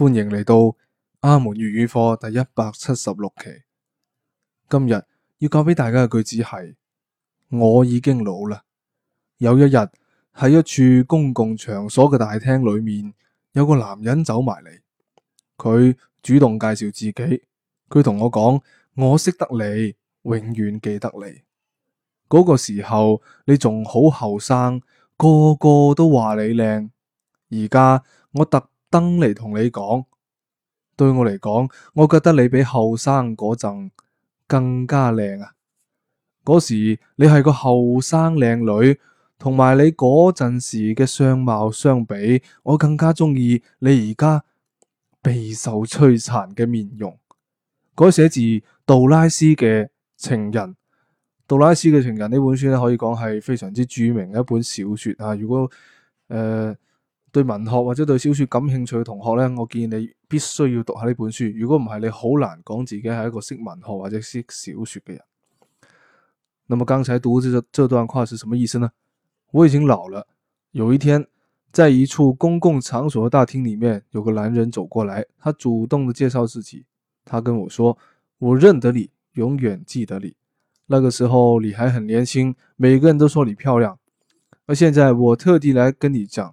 歡迎嚟到阿門粵語課第一百七十六期。今日要教俾大家嘅句子係：我已經老喇。有一日喺一處公共場所嘅大廳裏面，有個男人走埋嚟，佢主動介紹自己。佢同我講：我識得你，永遠記得你。嗰個時候你仲好後生，個個都話你靚。而家我特登嚟同你講，對我嚟講，我覺得你比後生嗰陣更加靚啊！嗰時你係個後生靚女，同埋你嗰陣時嘅相貌相比，我更加中意你而家備受摧殘嘅面容。改寫自杜拉斯嘅情人，杜拉斯嘅情人呢本書咧，可以講係非常之著名嘅一本小說啊！如果誒，呃對文學或者對小說感興趣嘅同學呢，我建議你必須要讀下呢本書。如果唔係，你好難講自己係一個識文學或者識小說嘅人。那麼剛才讀這這段話是什麼意思呢？我已經老了，有一天在一處公共場所嘅大廳裏面，有個男人走過來，他主動地介紹自己。他跟我說：我認得你，永遠記得你。那個時候你還很年輕，每個人都說你漂亮。而現在我特地來跟你講。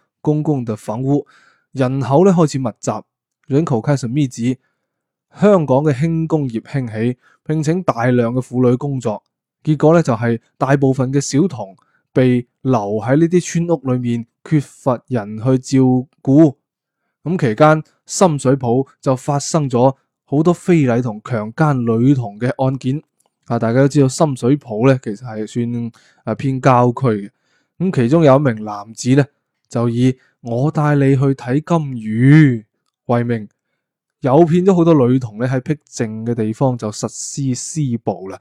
公共嘅房屋人口咧開始密集，Uncle c a s e 咪指香港嘅輕工業興起，聘請大量嘅婦女工作，結果咧就係大部分嘅小童被留喺呢啲村屋裏面，缺乏人去照顧。咁期間深水埗就發生咗好多非禮同強姦女童嘅案件。啊，大家都知道深水埗咧，其實係算啊偏郊區嘅。咁其中有一名男子咧。就以我帶你去睇金魚為名，誘騙咗好多女童呢，喺僻靜嘅地方就實施施暴啦。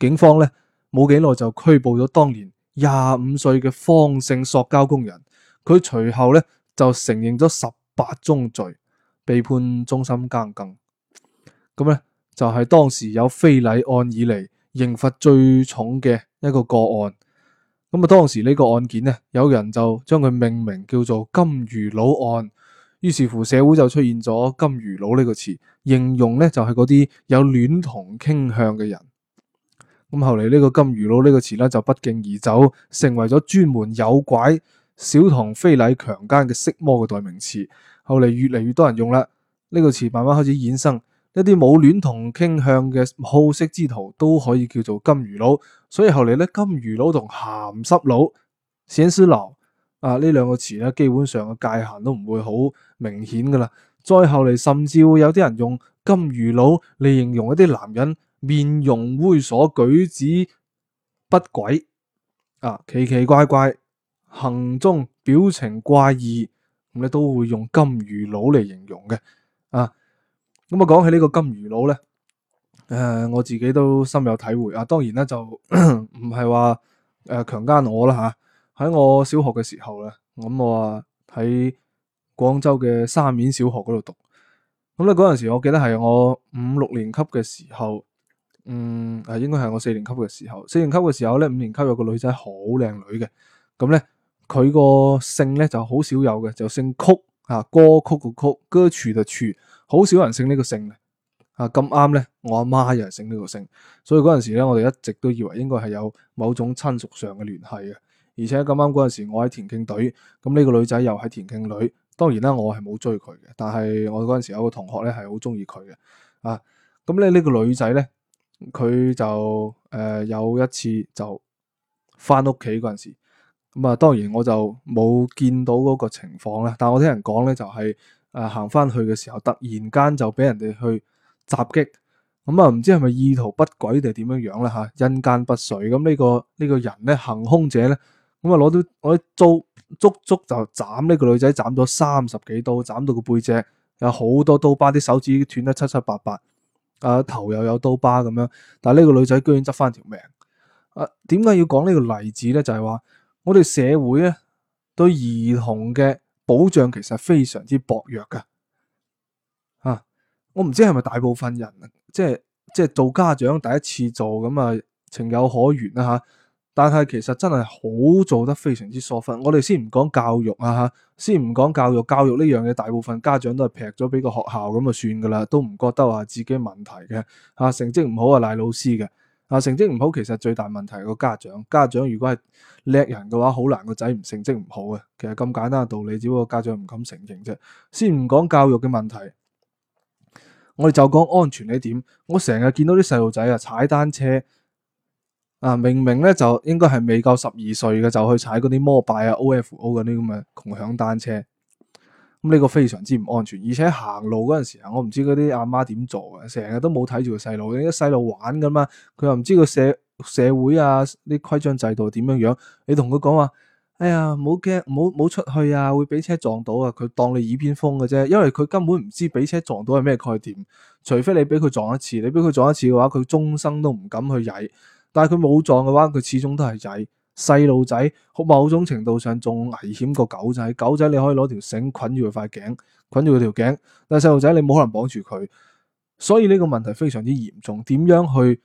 警方呢冇幾耐就拘捕咗當年廿五歲嘅方姓塑膠工人，佢隨後呢就承認咗十八宗罪，被判終身監禁。咁呢，就係、是、當時有非禮案以嚟刑罰最重嘅一個個案。咁啊，當時呢個案件咧，有人就將佢命名叫做金魚佬案，於是乎社會就出現咗金魚佬呢個詞，形容呢就係嗰啲有戀童傾向嘅人。咁後嚟呢個金魚佬呢個詞呢就不脛而走，成為咗專門誘拐小童、非禮、強姦嘅色魔嘅代名詞。後嚟越嚟越多人用啦呢、這個詞，慢慢開始衍生。一啲冇戀童傾向嘅好色之徒都可以叫做金魚佬，所以後嚟咧，金魚佬同鹹濕佬、屎尿流啊呢兩個詞咧，基本上嘅界限都唔會好明顯噶啦。再後嚟，甚至會有啲人用金魚佬嚟形容一啲男人面容猥瑣、舉止不軌啊，奇奇怪怪、行蹤表情怪異，咁咧都會用金魚佬嚟形容嘅啊。咁啊，講起呢個金魚佬咧，誒、呃，我自己都深有體會啊。當然咧，就唔係話誒強姦我啦吓。喺、啊、我小學嘅時候咧，咁、啊、我啊喺廣州嘅沙面小學嗰度讀。咁咧嗰陣時，我記得係我五六年級嘅時候，嗯，啊、應該係我四年級嘅時候。四年級嘅時候咧，五年級有個女仔好靚女嘅，咁咧佢個姓咧就好少有嘅，就姓曲啊，歌曲嘅曲，歌曲嘅曲。好少人姓呢個姓啊！咁啱咧，我阿媽又係姓呢個姓，所以嗰陣時咧，我哋一直都以為應該係有某種親屬上嘅聯繫嘅。而且咁啱嗰陣時，我喺田徑隊，咁呢個女仔又喺田徑隊。當然啦，我係冇追佢嘅，但係我嗰陣時有個同學咧，係好中意佢嘅。啊，咁咧呢個女仔咧，佢就誒、呃、有一次就翻屋企嗰陣時，咁啊，當然我就冇見到嗰個情況啦。但我聽人講咧，就係、是。誒，行翻、啊、去嘅時候，突然間就俾人哋去襲擊，咁啊唔知係咪意圖不軌定係點樣樣啦吓，陰、啊、間不遂，咁、嗯、呢、這個呢、這個人咧行凶者咧，咁啊攞啲攞啲刀足足就斬呢、這個女仔，斬咗三十幾刀，斬到個背脊有好多刀疤，啲手指斷得七七八八，啊頭又有刀疤咁樣，但係呢個女仔居然執翻條命，誒、啊，點解要講呢個例子咧？就係、是、話我哋社會咧對兒童嘅保障其實非常之薄弱噶，啊！我唔知係咪大部分人即係即係做家長第一次做咁啊，情有可原啦吓、啊。但係其實真係好做得非常之疏忽。我哋先唔講教育啊吓，先唔講教育，教育呢樣嘢大部分家長都係劈咗俾個學校咁啊算噶啦，都唔覺得話自己問題嘅啊，成績唔好啊賴老師嘅。啊！成績唔好，其實最大問題係個家長。家長如果係叻人嘅話，好難個仔唔成績唔好嘅。其實咁簡單嘅道理，只不過家長唔敢承認啫。先唔講教育嘅問題，我哋就講安全呢點。我成日見到啲細路仔啊，踩單車啊，明明咧就應該係未夠十二歲嘅，就去踩嗰啲摩拜啊、OFO 嘅啲咁嘅共享單車。咁呢個非常之唔安全，而且行路嗰陣時啊，我唔知嗰啲阿媽點做嘅，成日都冇睇住個細路，你個細路玩噶嘛，佢又唔知個社社會啊啲規章制度點樣樣。你同佢講話，哎呀，唔好驚，唔好唔好出去啊，會俾車撞到啊，佢當你耳邊風嘅啫，因為佢根本唔知俾車撞到係咩概念。除非你俾佢撞一次，你俾佢撞一次嘅話，佢終生都唔敢去踩。但係佢冇撞嘅話，佢始終都係踩。細路仔，某種程度上仲危險過狗仔。狗仔你可以攞條繩捆住佢塊頸，捆住佢條頸。但係細路仔你冇可能綁住佢，所以呢個問題非常之嚴重。點樣去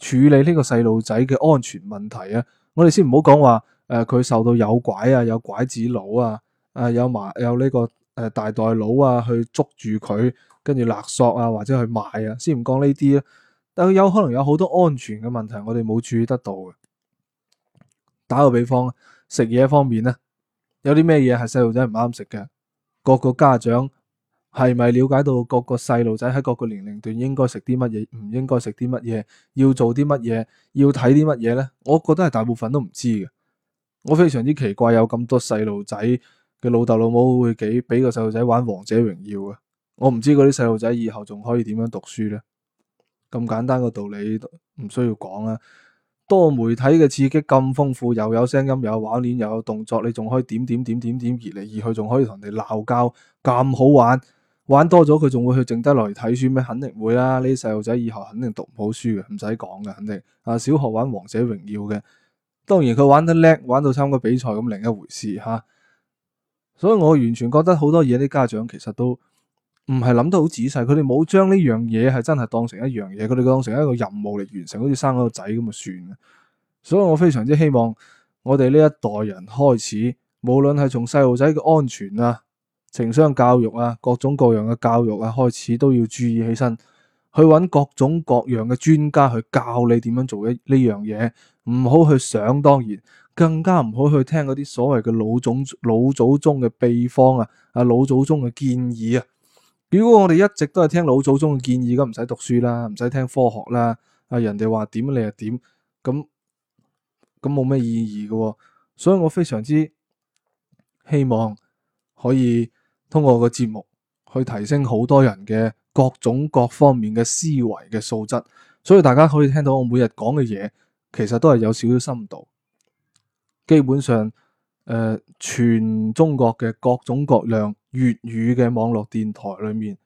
處理呢個細路仔嘅安全問題啊？我哋先唔好講話，誒、呃，佢受到有拐啊，有拐子佬啊，誒，有麻有呢個誒大袋佬啊去捉住佢，跟住勒索啊或者去賣啊，先唔講呢啲啦。但佢有可能有好多安全嘅問題，我哋冇注意得到嘅。打個比方，食嘢方面咧，有啲咩嘢係細路仔唔啱食嘅？各個家長係咪了解到各個細路仔喺各個年齡段應該食啲乜嘢，唔應該食啲乜嘢，要做啲乜嘢，要睇啲乜嘢咧？我覺得係大部分都唔知嘅。我非常之奇怪，有咁多細路仔嘅老豆老母會幾俾個細路仔玩王者榮耀啊。我唔知嗰啲細路仔以後仲可以點樣讀書咧？咁簡單嘅道理唔需要講啦。多媒體嘅刺激咁豐富，又有聲音，又有畫面，又有動作，你仲可以點點點點點，移嚟移去，仲可以同人哋鬧交，咁好玩。玩多咗佢仲會去靜得落嚟睇書咩？肯定會啦！呢啲細路仔以後肯定讀唔好書嘅，唔使講㗎，肯定。啊，小學玩《王者榮耀》嘅，當然佢玩得叻，玩到參加比賽咁另一回事吓。所以我完全覺得好多嘢啲家長其實都。唔係諗得好仔細，佢哋冇將呢樣嘢係真係當成一樣嘢，佢哋當成一個任務嚟完成，好似生咗個仔咁啊算。所以我非常之希望我哋呢一代人開始，無論係從細路仔嘅安全啊、情商教育啊、各種各樣嘅教育啊，開始都要注意起身，去揾各種各樣嘅專家去教你點樣做一呢樣嘢，唔好去想當然，更加唔好去聽嗰啲所謂嘅老祖老祖宗嘅秘方啊，啊老祖宗嘅建議啊。如果我哋一直都係聽老祖宗嘅建議咁，唔使讀書啦，唔使聽科學啦，啊人哋話點你又點，咁咁冇咩意義嘅。哦，所以我非常之希望可以通過個節目去提升好多人嘅各種各方面嘅思維嘅素質，所以大家可以聽到我每日講嘅嘢，其實都係有少少深度，基本上誒、呃，全中國嘅各種各樣。粵語嘅網絡電台裏面，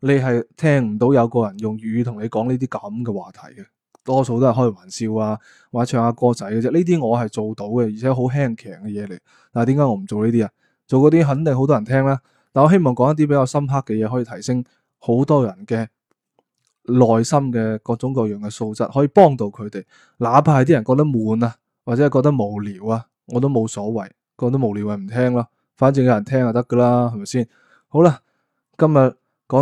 你係聽唔到有個人用粵語同你講呢啲咁嘅話題嘅，多數都係開玩笑啊，或者唱下歌仔嘅啫。呢啲我係做到嘅，而且好輕鬆嘅嘢嚟。但係點解我唔做呢啲啊？做嗰啲肯定好多人聽啦。但我希望講一啲比較深刻嘅嘢，可以提升好多人嘅內心嘅各種各樣嘅素質，可以幫到佢哋。哪怕係啲人覺得悶啊，或者係覺得無聊啊，我都冇所謂。覺得無聊咪唔聽咯。反正有人聽就得㗎啦，係咪先？好啦，今日講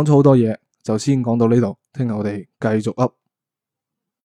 咗好多嘢，就先講到呢度。聽日我哋繼續 up。